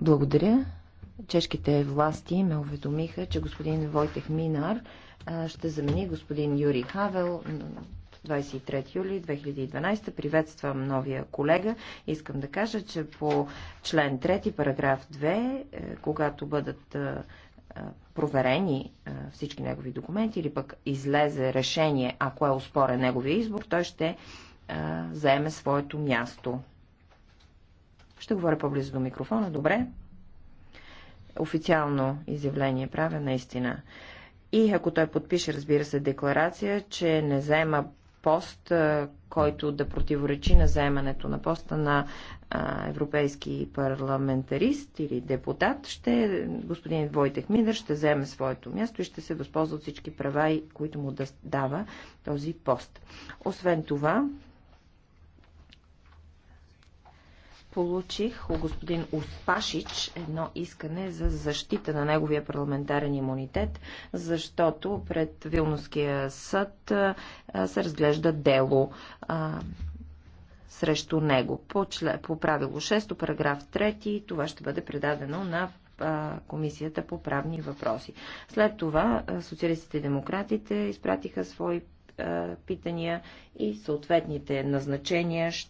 Благодаря. Чешките власти ме уведомиха, че господин Войтех Минар ще замени господин Юрий Хавел 23 юли 2012. Приветствам новия колега. Искам да кажа, че по член 3, параграф 2, е, когато бъдат е, е, проверени всички негови документи или пък излезе решение, ако е успорен неговия избор, той ще заеме своето място. Ще говоря по-близо до микрофона. Добре. Официално изявление правя наистина. И ако той подпише, разбира се, декларация, че не заема пост, който да противоречи на заемането на поста на европейски парламентарист или депутат, ще господин Войтех Мидър ще вземе своето място и ще се възползва от всички права, които му да дава този пост. Освен това, получих у господин Успашич едно искане за защита на неговия парламентарен имунитет, защото пред Вилнуския съд се разглежда дело срещу него. По, чле, по правило 6, параграф 3, това ще бъде предадено на Комисията по правни въпроси. След това социалистите и демократите изпратиха свои питания и съответните назначения ще